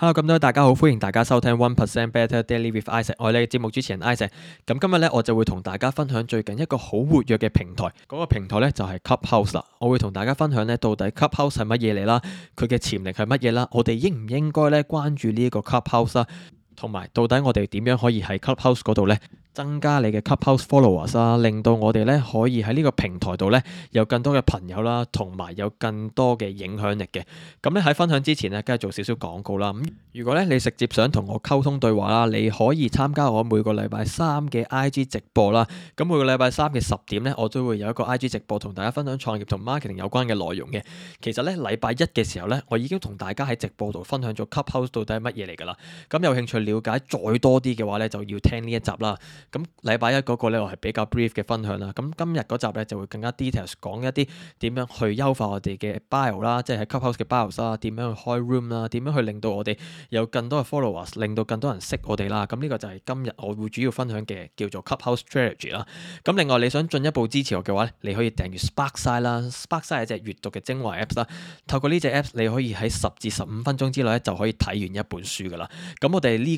Hello 咁多位，大家好，歡迎大家收聽 One Percent Better Daily with Isaac。我係你嘅節目主持人 Isaac。咁今日咧，我就會同大家分享最近一個好活躍嘅平台。嗰個平台咧就係 Clubhouse 啦。我會同大家分享咧，到底 Clubhouse 係乜嘢嚟啦？佢嘅潛力係乜嘢啦？我哋應唔應該咧關注呢一個 Clubhouse 啊？同埋，到底我哋點樣可以喺 Clubhouse 度咧，增加你嘅 Clubhouse followers 啊，令到我哋咧可以喺呢個平台度咧有更多嘅朋友啦、啊，同埋有更多嘅影響力嘅。咁咧喺分享之前咧，梗係做少少廣告啦。咁、嗯、如果咧你直接想同我溝通對話啦，你可以參加我每個禮拜三嘅 IG 直播啦。咁每個禮拜三嘅十點咧，我都會有一個 IG 直播，同大家分享創業同 marketing 有關嘅內容嘅。其實咧禮拜一嘅時候咧，我已經同大家喺直播度分享咗 Clubhouse 到底係乜嘢嚟㗎啦。咁有興趣了解再多啲嘅話咧，就要聽呢一集啦。咁禮拜一嗰個咧，我係比較 brief 嘅分享啦。咁今日嗰集咧就會更加 details 講一啲點樣去優化我哋嘅 bio 啦，即係喺 Clubhouse 嘅 bio 啦，點樣去開 room 啦，點樣去令到我哋有更多嘅 followers，令到更多人識我哋啦。咁呢個就係今日我會主要分享嘅叫做 Clubhouse strategy 啦。咁另外你想進一步支持我嘅話咧，你可以訂閱 SparkSide 啦，SparkSide 係隻閱讀嘅精華 apps 啦。透過呢隻 apps，你可以喺十至十五分鐘之內咧就可以睇完一本書噶啦。咁我哋呢？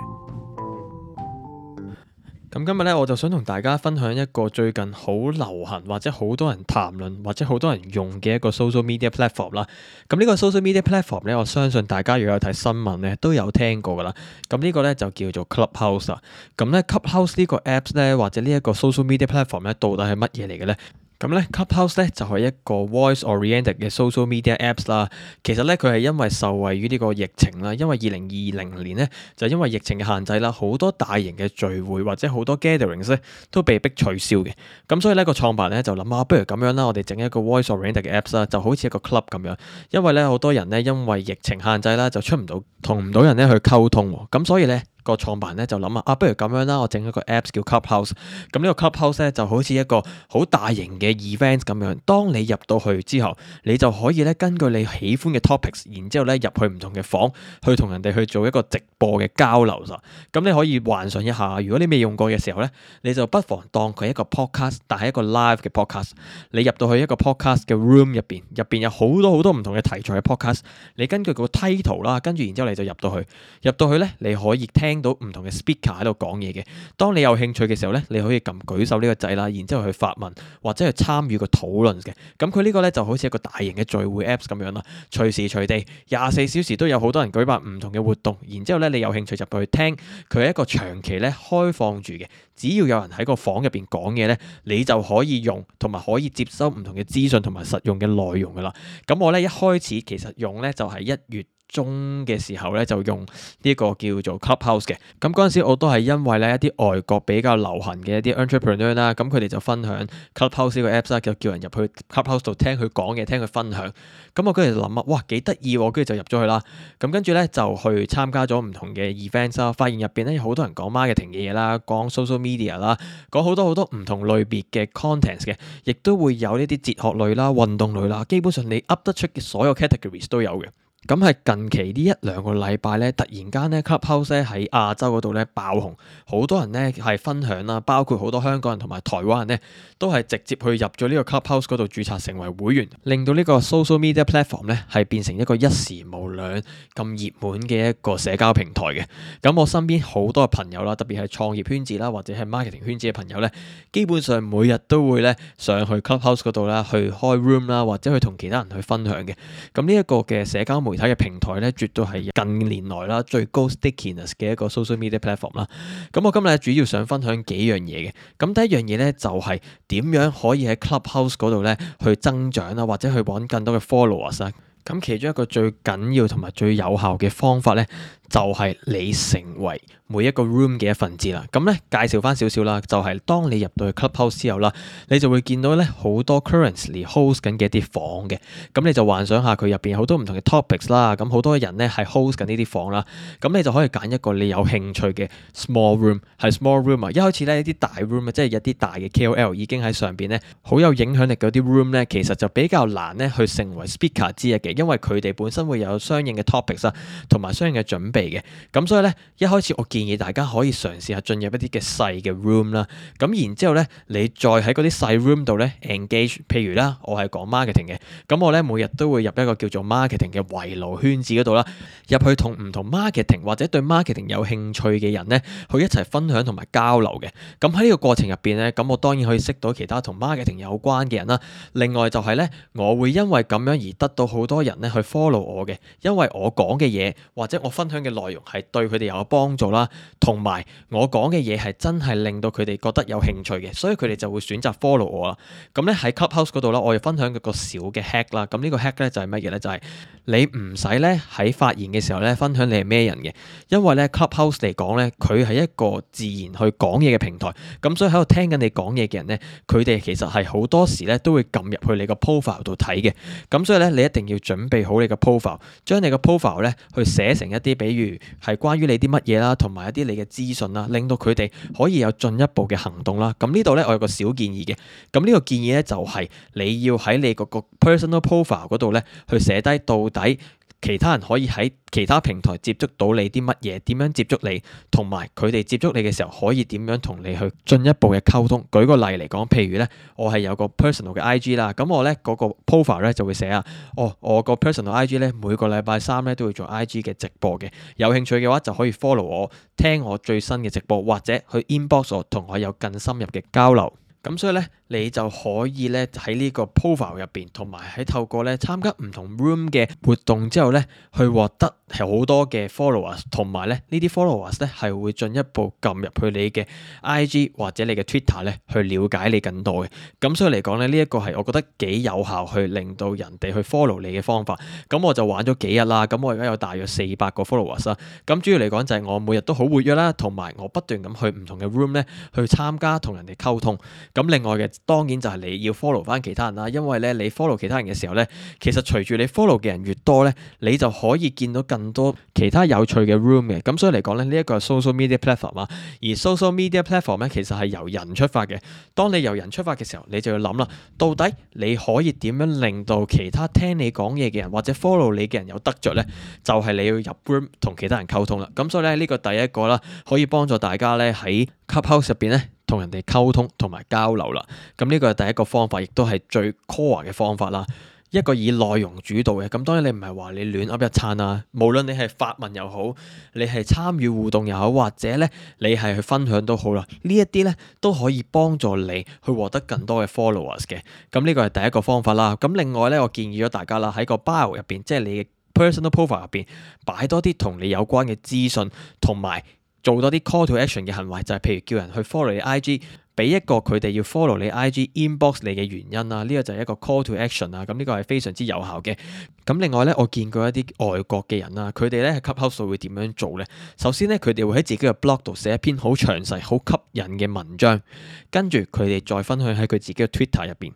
咁今日咧，我就想同大家分享一個最近好流行或者好多人談論或者好多人用嘅一個 social media platform 啦。咁呢個 social media platform 咧，我相信大家如果有睇新聞咧，都有聽過噶啦。咁呢個咧就叫做 Clubhouse。咁嗯咧 Clubhouse 呢個 apps 咧，或者呢一個 social media platform 咧，到底係乜嘢嚟嘅咧？咁咧，Clubhouse 咧就係一個 voice oriented 嘅 social media apps 啦。其實咧，佢係因為受惠於呢個疫情啦，因為二零二零年咧就因為疫情嘅限制啦，好多大型嘅聚會或者好多 gatherings 咧都被逼取消嘅。咁所以咧個創辦咧就諗下、啊、不如咁樣啦，我哋整一個 voice oriented 嘅 apps 啦，就好似一個 club 咁樣。因為咧好多人咧因為疫情限制啦，就出唔到同唔到人咧去溝通。咁所以咧。個創辦咧就諗啊，啊不如咁樣啦，我整一個 apps 叫 Clubhouse，咁 Club 呢個 Clubhouse 咧就好似一個好大型嘅 event 咁樣。當你入到去之後，你就可以咧根據你喜歡嘅 topics，然之後咧入去唔同嘅房，去同人哋去做一個直播嘅交流啦。咁你可以幻想一下，如果你未用過嘅時候咧，你就不妨當佢一個 podcast，但係一個 live 嘅 podcast。你入到去一個 podcast 嘅 room 入邊，入邊有好多好多唔同嘅題材嘅 podcast。你根據個 title 啦，跟住然之後你就入到去，入到去咧你可以聽，聽到唔同嘅 speaker 喺度講嘢嘅，當你有興趣嘅時候咧，你可以撳舉手呢個掣啦，然之後去發問或者去參與個討論嘅。咁佢呢個咧就好似一個大型嘅聚會 apps 咁樣啦，隨時隨地廿四小時都有好多人舉辦唔同嘅活動，然之後咧你有興趣入去聽，佢係一個長期咧開放住嘅，只要有人喺個房入邊講嘢咧，你就可以用同埋可以接收唔同嘅資訊同埋實用嘅內容噶啦。咁我咧一開始其實用咧就係一月。中嘅時候咧，就用呢個叫做 Clubhouse 嘅。咁嗰陣時，我都係因為咧一啲外國比較流行嘅一啲 Entrepreneur 啦，咁佢哋就分享 Clubhouse 呢個 Apps 啦，就叫人入去 Clubhouse 度聽佢講嘢，聽佢分享。咁我跟住就諗啊，哇幾得意喎！跟住就入咗去啦。咁跟住咧就去參加咗唔同嘅 events 啦，發現入邊咧有好多人講 marketing 嘅嘢啦，講 social media 啦，講好多好多唔同類別嘅 content 嘅，亦都會有呢啲哲學類啦、運動類啦，基本上你噏得出嘅所有 categories 都有嘅。咁係近期呢一兩個禮拜咧，突然間咧 Clubhouse 喺亞洲嗰度咧爆紅，好多人咧係分享啦，包括好多香港人同埋台灣人咧，都係直接去入咗呢個 Clubhouse 嗰度註冊成為會員，令到呢個 social media platform 咧係變成一個一時無兩咁熱門嘅一個社交平台嘅。咁我身邊好多朋友啦，特別係創業圈子啦，或者係 marketing 圈子嘅朋友咧，基本上每日都會咧上去 Clubhouse 嗰度啦，去開 room 啦，或者去同其他人去分享嘅。咁呢一個嘅社交媒體睇嘅平台咧，絕對係近年來啦最高 stickiness 嘅一個 social media platform 啦。咁我今日主要想分享幾樣嘢嘅。咁第一樣嘢咧就係點樣可以喺 Clubhouse 嗰度咧去增長啊，或者去揾更多嘅 followers 啊。咁其中一個最緊要同埋最有效嘅方法咧，就係你成為每一個 room 嘅一份子啦。咁咧介紹翻少少啦，就係當你入到去 clubhouse 之後啦，你就會見到咧好多 currently host 緊嘅一啲房嘅。咁你就幻想下佢入邊好多唔同嘅 topics 啦。咁好多人咧係 host 緊呢啲房啦。咁你就可以揀一個你有興趣嘅 small room，係 small room 啊。一開始咧啲大 room 啊，即係一啲大嘅 KOL 已經喺上邊咧好有影響力嗰啲 room 咧，其實就比較難咧去成為 speaker 之一嘅，因為佢哋本身會有相應嘅 topics 啊，同埋相應嘅準備。嘅咁所以咧，一開始我建議大家可以嘗試下進入一啲嘅細嘅 room 啦。咁然之後咧，你再喺嗰啲細 room 度咧 engage。譬如啦，我係講 marketing 嘅，咁、嗯、我咧每日都會入一個叫做 marketing 嘅圍爐圈子嗰度啦，入去同唔同 marketing 或者對 marketing 有興趣嘅人咧，去一齊分享同埋交流嘅。咁喺呢個過程入邊咧，咁、嗯、我當然可以識到其他同 marketing 有關嘅人啦。另外就係咧，我會因為咁樣而得到好多人咧去 follow 我嘅，因為我講嘅嘢或者我分享嘅。內容係對佢哋有幫助啦，同埋我講嘅嘢係真係令到佢哋覺得有興趣嘅，所以佢哋就會選擇 follow 我啦。咁、嗯、咧喺 Clubhouse 度啦，我哋分享一個小嘅 hack 啦、嗯。咁、這個、呢個 hack 咧就係乜嘢咧？就係、是、你唔使咧喺發言嘅時候咧，分享你係咩人嘅，因為咧 Clubhouse 嚟講咧，佢係一個自然去講嘢嘅平台。咁、嗯、所以喺度聽緊你講嘢嘅人咧，佢哋其實係好多時咧都會撳入去你個 profile 度睇嘅。咁、嗯、所以咧，你一定要準備好你個 profile，將你個 profile 咧去寫成一啲，比如。係關於你啲乜嘢啦，同埋一啲你嘅資訊啦，令到佢哋可以有進一步嘅行動啦。咁呢度咧，我有個小建議嘅。咁、這、呢個建議咧，就係你要喺你嗰個 personal profile 嗰度咧，去寫低到底。其他人可以喺其他平台接觸到你啲乜嘢，點樣接觸你，同埋佢哋接觸你嘅時候可以點樣同你去進一步嘅溝通。舉個例嚟講，譬如咧，我係有個 personal 嘅 IG 啦，咁我咧嗰個 profile 咧就會寫啊，哦，我個 personal IG 咧每個禮拜三咧都會做 IG 嘅直播嘅，有興趣嘅話就可以 follow 我，聽我最新嘅直播，或者去 inbox 我，同我有更深入嘅交流。咁所以咧。你就可以咧喺呢個 profile 入邊，同埋喺透過咧參加唔同 room 嘅活動之後咧，去獲得係好多嘅 followers，同埋咧呢啲 followers 咧係會進一步撳入去你嘅 IG 或者你嘅 Twitter 咧去了解你更多嘅。咁所以嚟講咧，呢一個係我覺得幾有效去令到人哋去 follow 你嘅方法。咁我就玩咗幾日啦，咁我而家有大約四百個 followers 啦。咁主要嚟講就係我每日都好活躍啦，同埋我不斷咁去唔同嘅 room 咧去參加同人哋溝通。咁另外嘅。當然就係你要 follow 翻其他人啦，因為咧你 follow 其他人嘅時候咧，其實隨住你 follow 嘅人越多咧，你就可以見到更多其他有趣嘅 room 嘅。咁所以嚟講咧，呢一個係 social media platform，啊。而 social media platform 咧其實係由人出發嘅。當你由人出發嘅時候，你就要諗啦，到底你可以點樣令到其他聽你講嘢嘅人或者 follow 你嘅人有得着咧？就係你要入 room 同其他人溝通啦。咁所以咧呢個第一個啦，可以幫助大家咧喺 clubhouse 入邊咧。同人哋溝通同埋交流啦，咁呢個係第一個方法，亦都係最 core 嘅方法啦。一個以內容主導嘅，咁當然你唔係話你亂噏一餐啦。無論你係發文又好，你係參與互動又好，或者咧你係去分享都好啦。呢一啲咧都可以幫助你去獲得更多嘅 followers 嘅。咁呢個係第一個方法啦。咁另外咧，我建議咗大家啦，喺個 bio 入邊，即係你嘅 personal profile 入邊擺多啲同你有關嘅資訊同埋。做多啲 call to action 嘅行為，就係譬如叫人去 follow 你 IG，俾一個佢哋要 follow 你 IG inbox 你嘅原因啦。呢個就係一個 call to action 啦。咁呢個係非常之有效嘅。咁另外呢，我見過一啲外國嘅人啦，佢哋呢吸口數會點樣做呢？首先呢，佢哋會喺自己嘅 blog 度寫一篇好詳細、好吸引嘅文章，跟住佢哋再分享喺佢自己嘅 Twitter 入邊。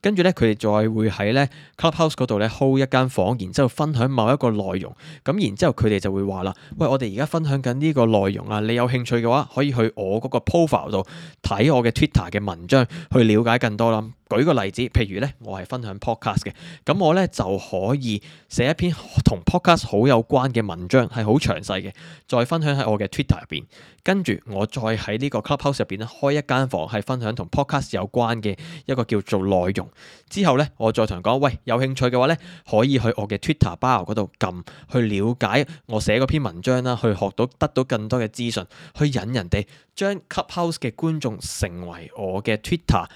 跟住咧，佢哋再會喺咧 clubhouse 嗰度咧 hold 一間房，然之後分享某一個內容。咁然之後佢哋就會話啦：「喂，我哋而家分享緊呢個內容啊，你有興趣嘅話，可以去我嗰個 profile 度睇我嘅 Twitter 嘅文章，去了解更多啦。舉個例子，譬如咧，我係分享 podcast 嘅，咁我咧就可以寫一篇同 podcast 好有關嘅文章，係好詳細嘅，再分享喺我嘅 Twitter 入邊。跟住我再喺呢個 clubhouse 入邊咧開一間房，係分享同 podcast 有關嘅一個叫做內容。之後咧，我再同人講，喂，有興趣嘅話咧，可以去我嘅 Twitter bio 嗰度撳，去了解我寫嗰篇文章啦，去學到得到更多嘅資訊，去引人哋將 Clubhouse 嘅觀眾成為我嘅 Twitter，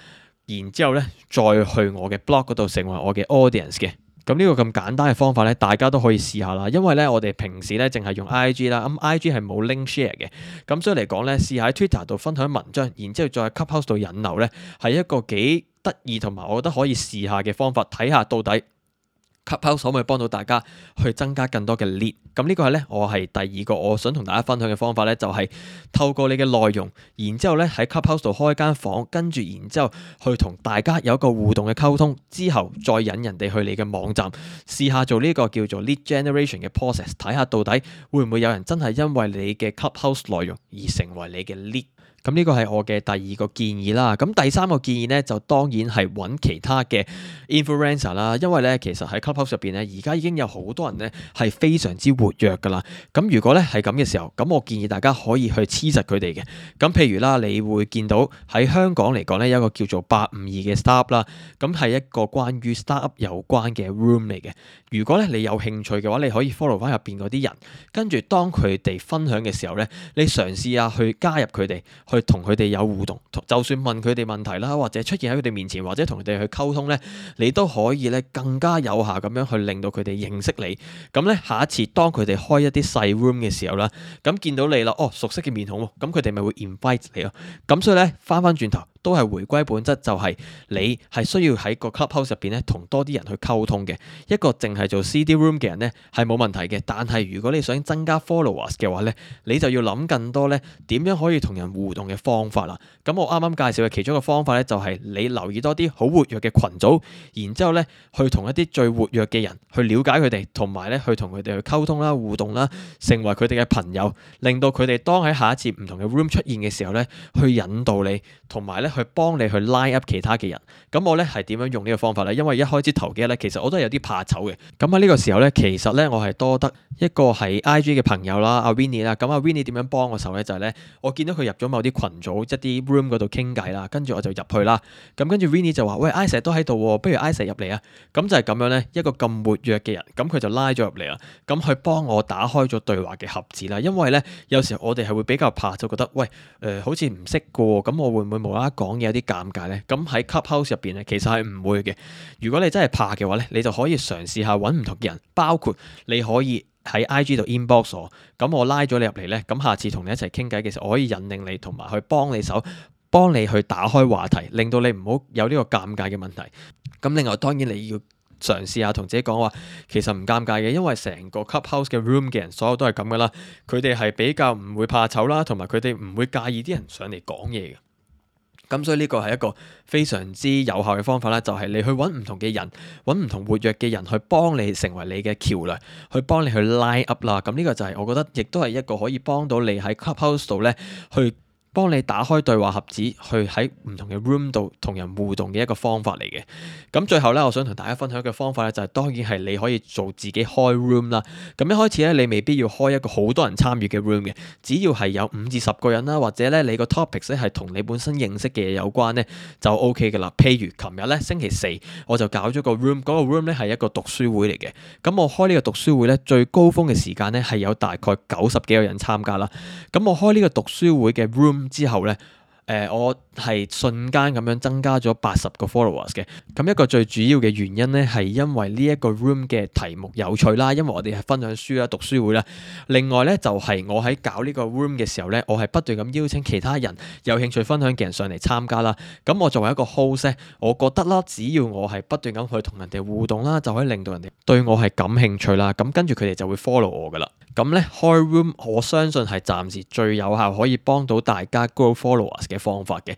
然之後咧，再去我嘅 blog 嗰度成為我嘅 audience 嘅。咁呢個咁簡單嘅方法咧，大家都可以試下啦。因為咧，我哋平時咧淨係用 IG 啦，咁 IG 係冇 link share 嘅，咁所以嚟講咧，試下喺 Twitter 度分享文章，然之後再喺 Clubhouse 度引流咧，係一個幾得意同埋，我覺得可以試下嘅方法，睇下到底，Clubhouse 可唔可以幫到大家去增加更多嘅 lead？咁呢個係呢，我係第二個我想同大家分享嘅方法呢就係、是、透過你嘅內容，然之後呢喺 Clubhouse 度開間房，跟住然之後去同大家有一個互動嘅溝通，之後再引人哋去你嘅網站試下做呢個叫做 lead generation 嘅 process，睇下到底會唔會有人真係因為你嘅 Clubhouse 內容而成為你嘅 lead。咁呢個係我嘅第二個建議啦。咁第三個建議呢，就當然係揾其他嘅 influencer 啦。因為呢，其實喺 Clubhouse 入邊呢，而家已經有好多人呢係非常之活躍噶啦。咁如果呢係咁嘅時候，咁我建議大家可以去黐實佢哋嘅。咁譬如啦，你會見到喺香港嚟講呢，有一個叫做八五二嘅 startup 啦。咁係一個關於 startup 有關嘅 room 嚟嘅。如果呢你有興趣嘅話，你可以 follow 翻入邊嗰啲人，跟住當佢哋分享嘅時候呢，你嘗試下去加入佢哋。去同佢哋有互動，就算問佢哋問題啦，或者出現喺佢哋面前，或者同佢哋去溝通咧，你都可以咧更加有效咁樣去令到佢哋認識你。咁咧，下一次當佢哋開一啲細 room 嘅時候啦，咁見到你啦，哦，熟悉嘅面孔喎，咁佢哋咪會 invite 你咯。咁所以咧，返返轉頭。都係回歸本質，就係你係需要喺個 clubhouse 入邊咧，同多啲人去溝通嘅。一個淨係做 CD room 嘅人咧，係冇問題嘅。但係如果你想增加 followers 嘅話咧，你就要諗更多咧點樣可以同人互動嘅方法啦。咁我啱啱介紹嘅其中一個方法咧，就係你留意多啲好活躍嘅群組，然之後咧去同一啲最活躍嘅人去了解佢哋，同埋咧去同佢哋去溝通啦、互動啦，成為佢哋嘅朋友，令到佢哋當喺下一節唔同嘅 room 出現嘅時候咧，去引導你同埋咧。去幫你去拉 up 其他嘅人，咁我咧係點樣用呢個方法咧？因為一開始頭幾日咧，其實我都係有啲怕醜嘅。咁喺呢個時候咧，其實咧我係多得一個係 IG 嘅朋友啦，阿 Winnie 啦。咁阿 Winnie 點樣幫我手時咧，就係咧我見到佢入咗某啲群組，一啲 room 嗰度傾偈啦，跟住我就入去啦。咁跟住 Winnie 就話：喂，Isaac 都喺度喎，不如 Isaac 入嚟啊！咁就係咁樣咧，一個咁活躍嘅人，咁佢就拉咗入嚟啦。咁佢幫我打開咗對話嘅盒子啦。因為咧，有時我哋係會比較怕，就覺得：喂，誒好似唔識過，咁我會唔會無啦啦？講嘢有啲尷尬呢。咁喺 Clubhouse 入邊呢，其實係唔會嘅。如果你真係怕嘅話呢，你就可以嘗試下搵唔同嘅人，包括你可以喺 IG 度 inbox 我，咁我拉咗你入嚟，呢，咁下次同你一齊傾偈嘅時候，我可以引領你同埋去幫你手，幫你去打開話題，令到你唔好有呢個尷尬嘅問題。咁另外，當然你要嘗試下同自己講話，其實唔尷尬嘅，因為成個 Clubhouse 嘅 room 嘅人，所有都係咁噶啦，佢哋係比較唔會怕醜啦，同埋佢哋唔會介意啲人上嚟講嘢嘅。咁、嗯、所以呢個係一個非常之有效嘅方法咧，就係、是、你去揾唔同嘅人，揾唔同活躍嘅人去幫你成為你嘅橋樑，去幫你去拉 Up 啦。咁、嗯、呢、這個就係、是、我覺得，亦都係一個可以幫到你喺 Clubhouse 度咧去。幫你打開對話盒子，去喺唔同嘅 room 度同人互動嘅一個方法嚟嘅。咁最後呢，我想同大家分享嘅方法呢、就是，就係當然係你可以做自己開 room 啦。咁一開始呢，你未必要開一個好多人參與嘅 room 嘅，只要係有五至十個人啦，或者呢你個 topics 呢係同你本身認識嘅嘢有關呢，就 OK 噶啦。譬如琴日呢，星期四，我就搞咗個 room，嗰個 room 呢係一個讀書會嚟嘅。咁我開呢個讀書會呢，最高峰嘅時間呢係有大概九十幾個人參加啦。咁我開呢個讀書會嘅 room。之後咧，誒、呃、我。係瞬間咁樣增加咗八十個 followers 嘅，咁一個最主要嘅原因咧，係因為呢一個 room 嘅題目有趣啦，因為我哋係分享書啦、讀書會啦。另外咧，就係、是、我喺搞呢個 room 嘅時候咧，我係不斷咁邀請其他人有興趣分享嘅人上嚟參加啦。咁我作為一個 host 呢，我覺得啦，只要我係不斷咁去同人哋互動啦，就可以令到人哋對我係感興趣啦。咁跟住佢哋就會 follow 我噶啦。咁咧開 room，我相信係暫時最有效可以幫到大家 grow followers 嘅方法嘅。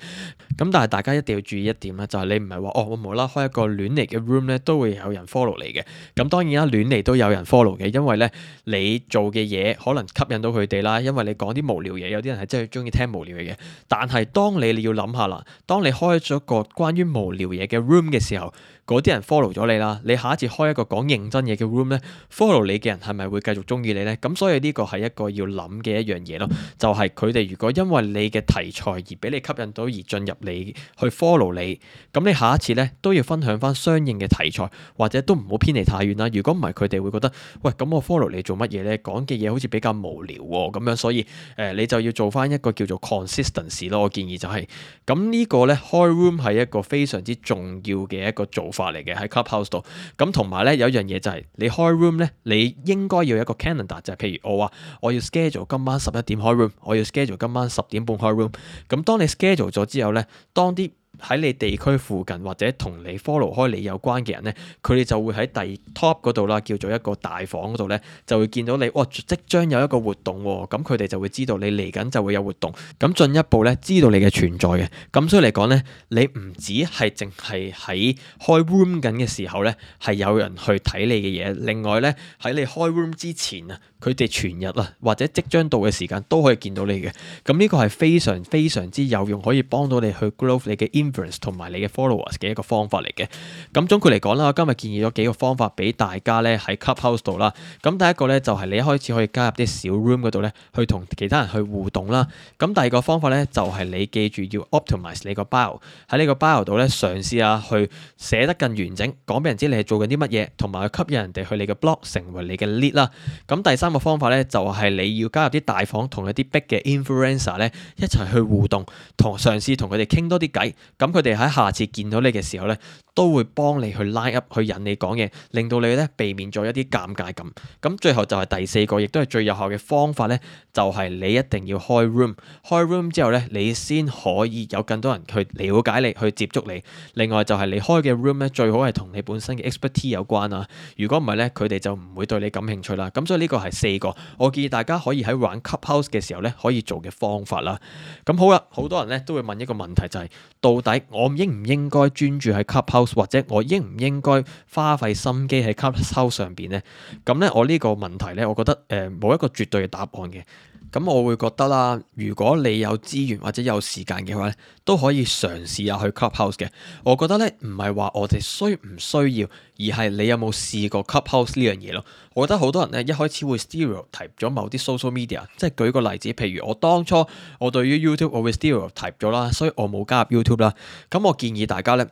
咁但係大家一定要注意一點啦，就係、是、你唔係話哦，我無啦開一個亂嚟嘅 room 咧，都會有人 follow 你嘅。咁當然啦，亂嚟都有人 follow 嘅，因為咧你做嘅嘢可能吸引到佢哋啦。因為你講啲無聊嘢，有啲人係真係中意聽無聊嘢嘅。但係當你你要諗下啦，當你開咗個關於無聊嘢嘅 room 嘅時候，嗰啲人 follow 咗你啦，你下一次開一個講認真嘢嘅 room 咧，follow 你嘅人係咪會繼續中意你咧？咁所以呢個係一個要諗嘅一樣嘢咯，就係佢哋如果因為你嘅題材而俾你吸引到而進入你去 follow 你，咁你下一次咧都要分享翻相應嘅題材，或者都唔好偏離太遠啦。如果唔係，佢哋會覺得，喂，咁我 follow 你做乜嘢咧？講嘅嘢好似比較無聊喎，咁樣，所以誒、呃，你就要做翻一個叫做 consistency 咯。我建議就係，咁呢個咧開 room 係一個非常之重要嘅一個做法嚟嘅喺 Clubhouse 度。咁同埋咧有呢，有一樣嘢就係，你開 room 咧，你應該要有一個 calendar，就係譬如我話我要 schedule 今晚十一點開 room，我要 schedule 今晚十點半開 room。咁當你 schedule 咗，之後咧，當啲喺你地區附近或者同你 follow 開你有關嘅人咧，佢哋就會喺第 top 嗰度啦，叫做一個大房嗰度咧，就會見到你哇，即將有一個活動喎、哦，咁佢哋就會知道你嚟緊就會有活動，咁進一步咧知道你嘅存在嘅，咁所以嚟講咧，你唔止係淨係喺開 room 緊嘅時候咧，係有人去睇你嘅嘢，另外咧喺你開 room 之前啊。佢哋全日啊，或者即將到嘅時間都可以見到你嘅。咁呢個係非常非常之有用，可以幫到你去 growth 你嘅 influence 同埋你嘅 followers 嘅一個方法嚟嘅。咁總括嚟講啦，我今日建議咗幾個方法俾大家咧喺 Clubhouse 度啦。咁第一個咧就係你一開始可以加入啲小 room 度咧，去同其他人去互動啦。咁第二個方法咧就係你記住要 optimize 你個 bio，喺你個 bio 度咧嘗試下去寫得更完整，講俾人知你係做緊啲乜嘢，同埋去吸引人哋去你嘅 blog 成為你嘅 lead 啦。咁第三個方法咧就係你要加入啲大房同一啲 Big 嘅 Influencer 咧一齊去互動，同嘗試同佢哋傾多啲偈，咁佢哋喺下次見到你嘅時候咧。都會幫你去 line up 去引你講嘢，令到你咧避免咗一啲尷尬感。咁最後就係第四個，亦都係最有效嘅方法咧，就係、是、你一定要開 room，開 room 之後咧，你先可以有更多人去了解你，去接觸你。另外就係你開嘅 room 咧，最好係同你本身嘅 expertise 有關啊。如果唔係咧，佢哋就唔會對你感興趣啦。咁所以呢個係四個，我建議大家可以喺玩 Clubhouse 嘅時候咧，可以做嘅方法啦。咁好啦、啊，好多人咧都會問一個問題就係、是，到底我應唔應該專注喺 Clubhouse？或者我應唔應該花費心機喺 Clubhouse 上邊呢？咁咧，我呢個問題咧，我覺得誒冇、呃、一個絕對嘅答案嘅。咁我會覺得啦，如果你有資源或者有時間嘅話咧，都可以嘗試下去 Clubhouse 嘅。我覺得咧，唔係話我哋需唔需要，而係你有冇試過 Clubhouse 呢樣嘢咯。我覺得好多人咧一開始會 stereotype 咗某啲 social media，即係舉個例子，譬如我當初我對於 YouTube 我會 stereotype 咗啦，所以我冇加入 YouTube 啦。咁我建議大家咧。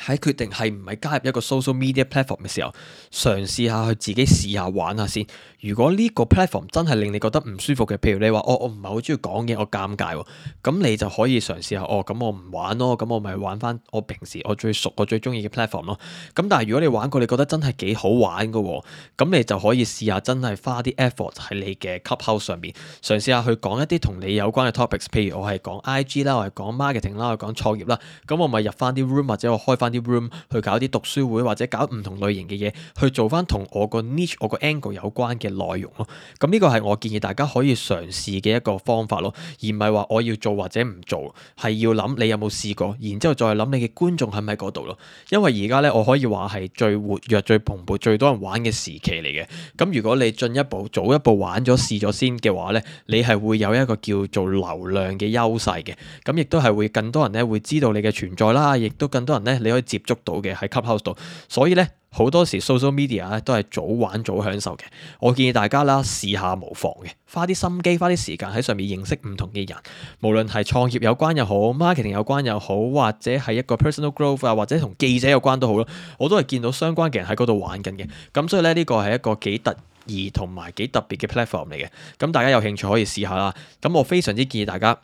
喺決定係唔係加入一個 social media platform 嘅時候，嘗試下去自己試下玩下先。如果呢個 platform 真係令你覺得唔舒服嘅，譬如你話、哦：我我唔係好中意講嘢，我尷尬。咁你就可以嘗試下，哦，咁我唔玩咯。咁我咪玩翻我平時我最熟、我最中意嘅 platform 咯。咁但係如果你玩過，你覺得真係幾好玩嘅，咁你就可以試下真係花啲 effort 喺你嘅 Clubhouse 上面，嘗試下去講一啲同你有關嘅 topics。譬如我係講 IG 啦，我係講 marketing 啦，我講創業啦。咁我咪入翻啲 room 或者我開翻去搞啲讀書會，或者搞唔同類型嘅嘢，去做翻同我個 niche、我個 angle 有關嘅內容咯。咁呢個係我建議大家可以嘗試嘅一個方法咯，而唔係話我要做或者唔做，係要諗你有冇試過，然之後再諗你嘅觀眾喺唔喺嗰度咯。因為而家咧，我可以話係最活躍、最蓬勃、最多人玩嘅時期嚟嘅。咁如果你進一步、早一步玩咗、試咗先嘅話咧，你係會有一個叫做流量嘅優勢嘅。咁亦都係會更多人咧會知道你嘅存在啦，亦都更多人咧你，可以接觸到嘅喺 Clubhouse 度，所以咧好多時 social media 咧都係早玩早享受嘅。我建議大家啦，試下無妨嘅，花啲心機，花啲時間喺上面認識唔同嘅人，無論係創業有關又好，marketing 有關又好，或者係一個 personal growth 啊，或者同記者有關都好咯。我都係見到相關嘅人喺嗰度玩緊嘅。咁所以咧，呢個係一個幾特異同埋幾特別嘅 platform 嚟嘅。咁大家有興趣可以試下啦。咁我非常之建議大家。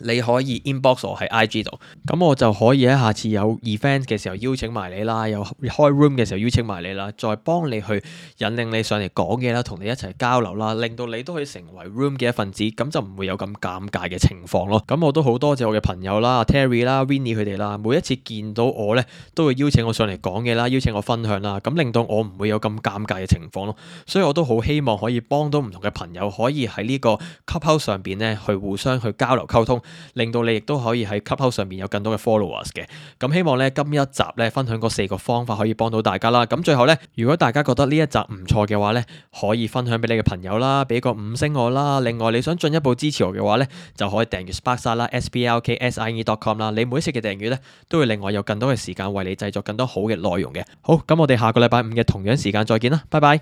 你可以 inbox 我喺 IG 度，咁我就可以喺下次有 event 嘅時候邀請埋你啦，有開 room 嘅時候邀請埋你啦，再幫你去引領你上嚟講嘢啦，同你一齊交流啦，令到你都可以成為 room 嘅一份子，咁就唔會有咁尷尬嘅情況咯。咁我都好多謝我嘅朋友啦、啊、，Terry 啦、啊、，Winnie 佢哋啦，每一次見到我咧，都會邀請我上嚟講嘢啦，邀請我分享啦，咁令到我唔會有咁尷尬嘅情況咯。所以我都好希望可以幫到唔同嘅朋友，可以喺呢個 Clubhouse 上邊咧去互相去交流溝通。令到你亦都可以喺吸口上面有更多嘅 followers 嘅。咁希望咧，今一集咧分享嗰四個方法可以幫到大家啦。咁最後咧，如果大家覺得呢一集唔錯嘅話咧，可以分享俾你嘅朋友啦，俾個五星我啦。另外，你想進一步支持我嘅話咧，就可以訂閱 SparkSine 啦，sparksine.com 啦。你每一次嘅訂閱咧，都會另外有更多嘅時間為你製作更多好嘅內容嘅。好，咁我哋下個禮拜五嘅同樣時間再見啦，拜拜。